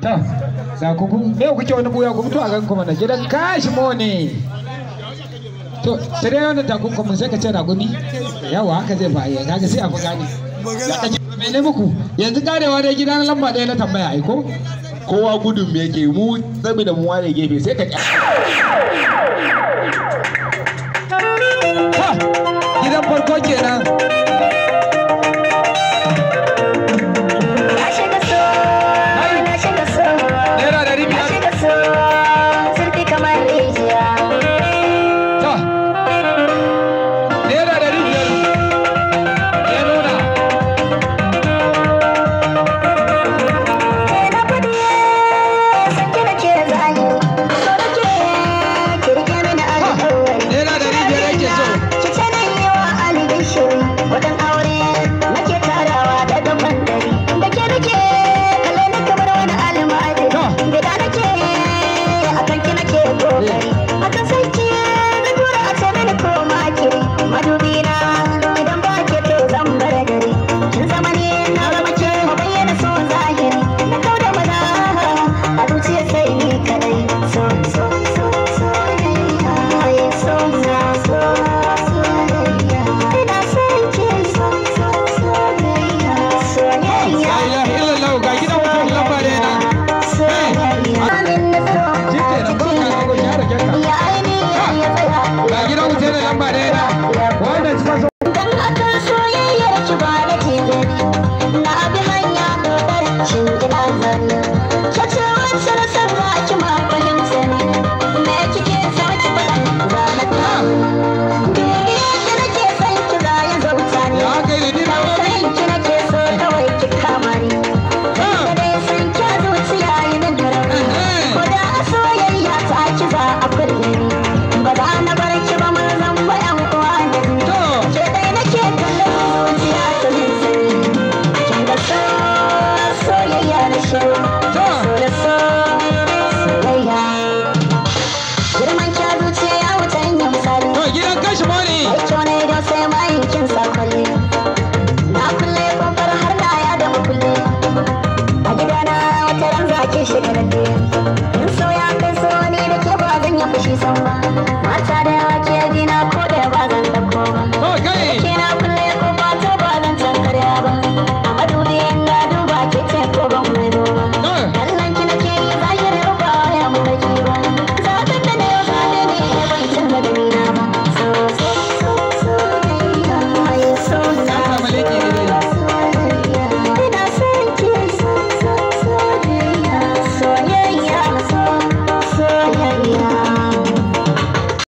to za ku me kuke wani buya ku mutu a ganku mana gidan kashi mo ne to sai dai wannan takunkumin sai ka ce raguni yawa haka zai fa yi kaga sai a fi gane mene muku yanzu karewa dai gidan lamba ɗaya na tambaya aiko. kowa gudun me yake mu saboda mu ware gefe sai ka gidan farko kenan la la da in so ya kai so ne da ke ba zan ya fushi san mata da